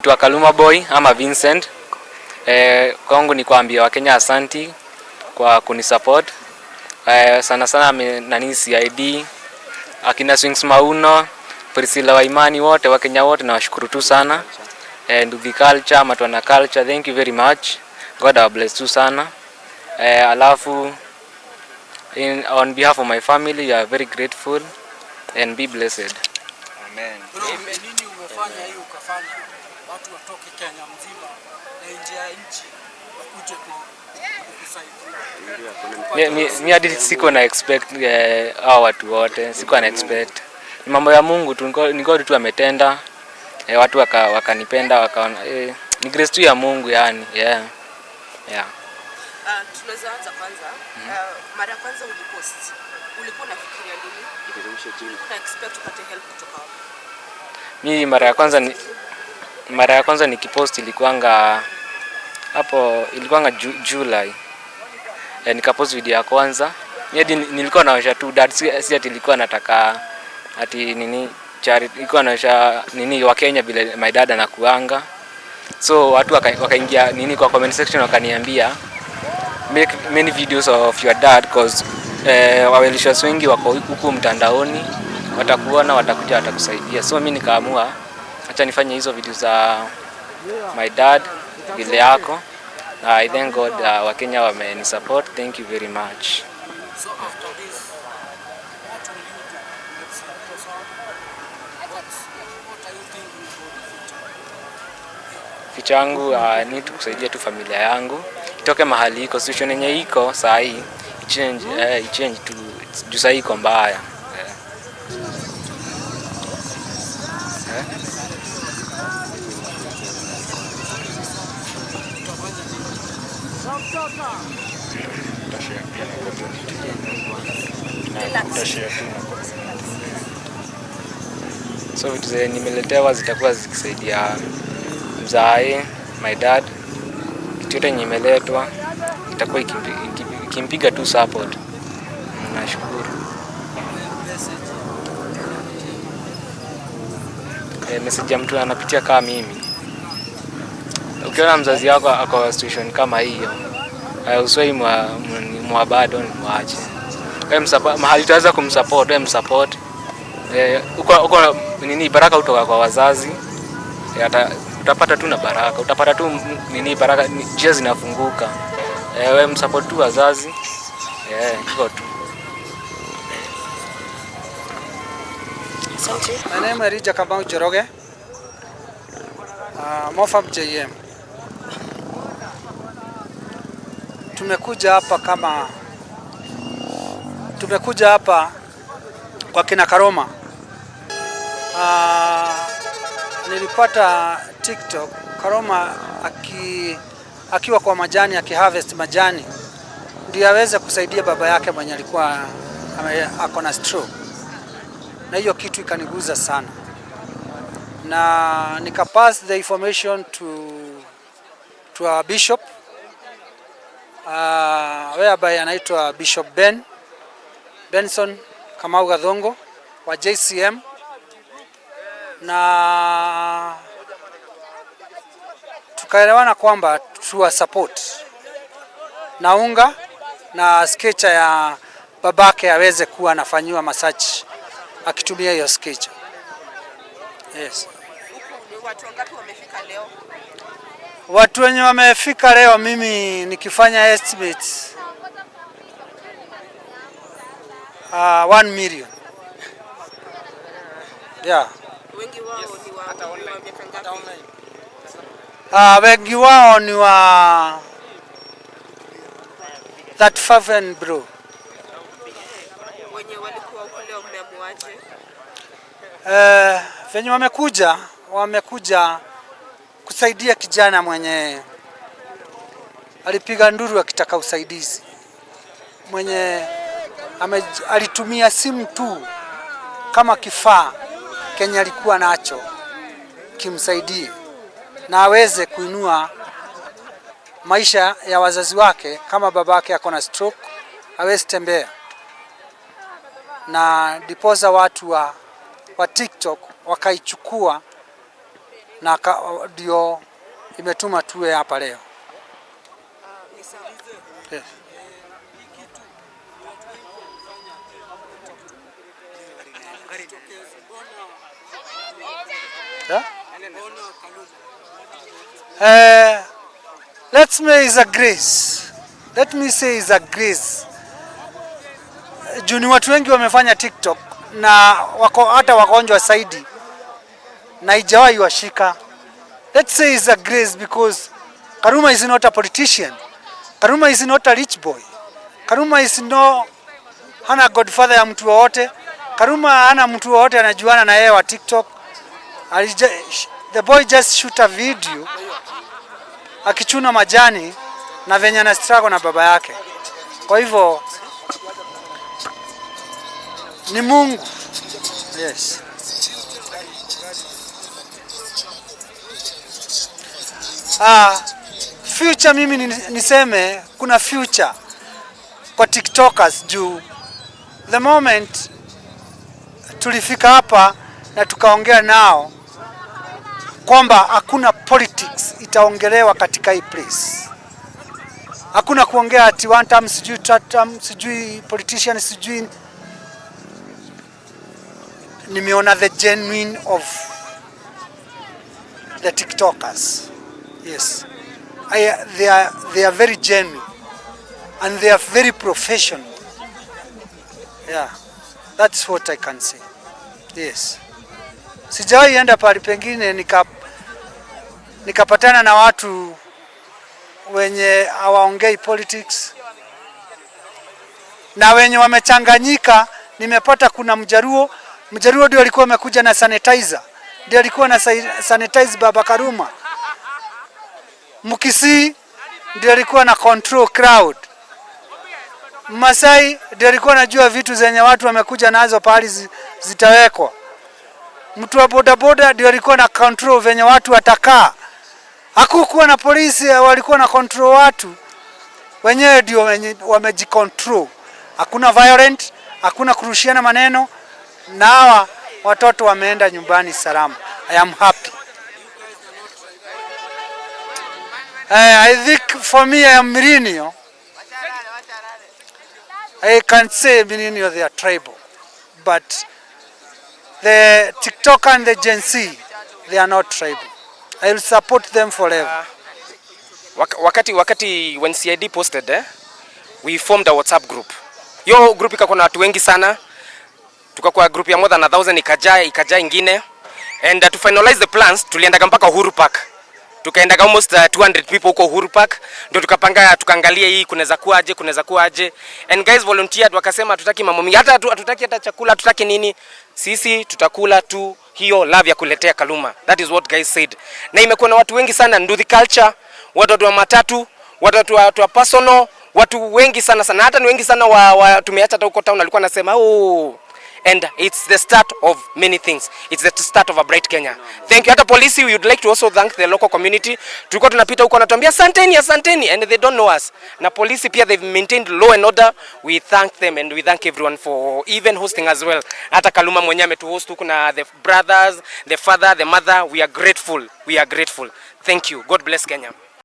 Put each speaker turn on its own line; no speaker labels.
Twa Kaluma Boy ama Vincent. E, kwangu ni kuambia Wakenya asanti kwa kunisupport. E, sana sana nani CID, akina Swings Mauno, Priscilla Waimani wote Wakenya wote nawashukuru tu sana. E, eh, Nduvi Culture, Matwana Culture, thank you very much. God I bless tu sana. E, alafu in, on behalf of my family, you are very grateful and be blessed.
watu watoke Kenya mzima na nje ya nchi wakuje
kusaidia. Mi hadi siko na expect eh, hao watu wote, siko na expect, ni mambo ya Mungu tu, niko tu ametenda eh, watu wakanipenda, wakaona eh, ni grace tu ya Mungu yani, yeah. Yeah.
Uh, ah, tunaweza anza kwanza. Uh, mara kwanza ulipost, ulikuwa unafikiria nini? Ulikuwa una expect upate help kutoka wapi?
Mimi mara ya kwanza ni mara ya kwanza nikipost ilikuanga hapo, ilikuanga ju, July e, nikapost video ya kwanza hadi nilikuwa naosha tu dad, si ati ilikuwa nataka ati nini charity, nilikuwa naosha nini wa Kenya bila my dad anakuanga, so watu wakaingia waka nini kwa comment section wakaniambia make many videos of your dad cause eh, wawelishwa wengi wako huku mtandaoni, watakuona, watakuja, watakusaidia. So mimi nikaamua acha nifanye hizo video za my dad vile yako. na I thank God uh, wa Kenya Wakenya support Thank you very much. So after yangu uh, ni tukusaidia tu familia yangu itoke mahali iko situation yenye iko saa hii ichange, uh, ichange tu juu saa hii iko mbaya So vitu zenye nimeletewa zitakuwa zikisaidia mzaai, my dad, kitu yote nimeletwa itakuwa ikimpiga tu support. Nashukuru. E, message ya mtu anapitia kama mimi, ukiona mzazi wako ako situation kama hiyo Eh, usoi mwa bado ni mwache eh, mahali tuweza kumsupport, we eh, msupport uko nini, baraka utoka kwa wazazi Yata, utapata tu na baraka, utapata tu nini baraka, njia zinafunguka. we msupport tu wazazi hivyo tu.
My name is Joroge. Uh, Mofab JM. tumekuja hapa kama tumekuja hapa kwa kina Karoma. Aa, ah, nilipata TikTok Karoma aki, akiwa kwa majani akiharvest majani ndio aweze kusaidia baba yake mwenye alikuwa ako na stroke, na hiyo kitu ikaniguza sana, na nikapass the information to, to our bishop uh, ah, whereby anaitwa Bishop Ben Benson Kamau Gadhongo wa JCM na tukaelewana kwamba tuwa support naunga na skecha ya babake aweze kuwa anafanyiwa masachi akitumia hiyo skecha. Yes.
Watu wangapi wamefika leo?
Watu wenye wamefika leo, mimi nikifanya estimate uh, ah, one million yeah.
Wengi wao ni wa hata online, hata online.
Uh, wengi wao ni wa 35 and bro eh, venye uh, wamekuja wamekuja kusaidia kijana mwenye alipiga nduru akitaka usaidizi, mwenye ame, alitumia simu tu kama kifaa kenye alikuwa nacho kimsaidie na aweze kuinua maisha ya wazazi wake. Kama babake ako na stroke, awezi tembea, na ndiposa watu wa, wa TikTok wakaichukua na ndio imetuma tuwe hapa leo. Yes. Yeah? Uh, let me is a grace. Let me say is a grace. Juni watu wengi wamefanya TikTok na wako hata wagonjwa saidi na haijawahi washika. Let's say it's a grace because Karuma is not a politician. Karuma is not a rich boy. Karuma is no hana godfather ya mtu wowote. Karuma hana mtu wowote anajuana na yeye wa TikTok. The boy just shoot a video akichuna majani na venye na struggle na baba yake. Kwa hivyo ni Mungu. Yes. Ah, future mimi niseme kuna future kwa TikTokers juu the moment tulifika hapa na tukaongea nao kwamba hakuna politics itaongelewa katika hii place. Hakuna kuongea ati one term sijui two term sijui politician sijui. Nimeona the genuine of the TikTokers. Yes. I, they, are, they are very genuine and they are very professional. Yeah. That's what I can say. Yes. Sijawahi enda pahali pengine nikapatana nika na watu wenye hawaongei politics na wenye wamechanganyika. Nimepata kuna Mjaruo, Mjaruo ndio alikuwa amekuja na sanitizer, ndio alikuwa na sanitize Baba Karuma. Mkisii ndio alikuwa na control crowd. Masai ndio alikuwa anajua vitu zenye watu wamekuja nazo pahali zitawekwa. Mtu wa bodaboda ndio alikuwa na control venye watu watakaa. Hakukuwa na polisi, walikuwa na control watu wenyewe, ndio wamejicontrol. Hakuna violent, hakuna kurushiana maneno, na hawa watoto wameenda nyumbani salama. I am happy. Uh, I think for me I am Mirinio. I can say Mirinio they are tribal. But the TikTok and the Gen Z they are not tribal. I will support them forever. Uh,
wakati wakati when CID posted eh, we formed a WhatsApp group. Yo group ikakuwa na watu wengi sana. Tukakuwa group ya more than 1000 ikajaa ikajaa ingine and uh, to finalize the plans tuliendaga mpaka Uhuru Park tukaenda almost 200 uh, people huko Uhuru Park, ndio tukapanga tukaangalia hii kunaweza kuaje, kunaweza kuaje. And guys volunteered wakasema hatutaki mambo mingi, hata hatutaki hata chakula, hatutaki nini, sisi tutakula tu hiyo love ya kuletea Kaluma. That is what guys said, na imekuwa na watu wengi sana Nduthi culture, watu wa matatu, watu wa, watu wa personal, watu wengi sana sana, hata ni wengi sana wa, wa tumeacha hata huko town alikuwa anasema oh and it's the start of many things. It's the start of a bright Kenya. Thank you. Hata polisi, we would like to also thank the local community. Tulikuwa tunapita huko anatuambia asanteni, asanteni and they don't know us. Na polisi pia they've maintained law and order. We thank them and we thank everyone for even hosting as well. Hata Kaluma mwenyewe ametuhost huko na the brothers, the father, the mother. We are grateful. We are grateful. Thank you. God bless Kenya.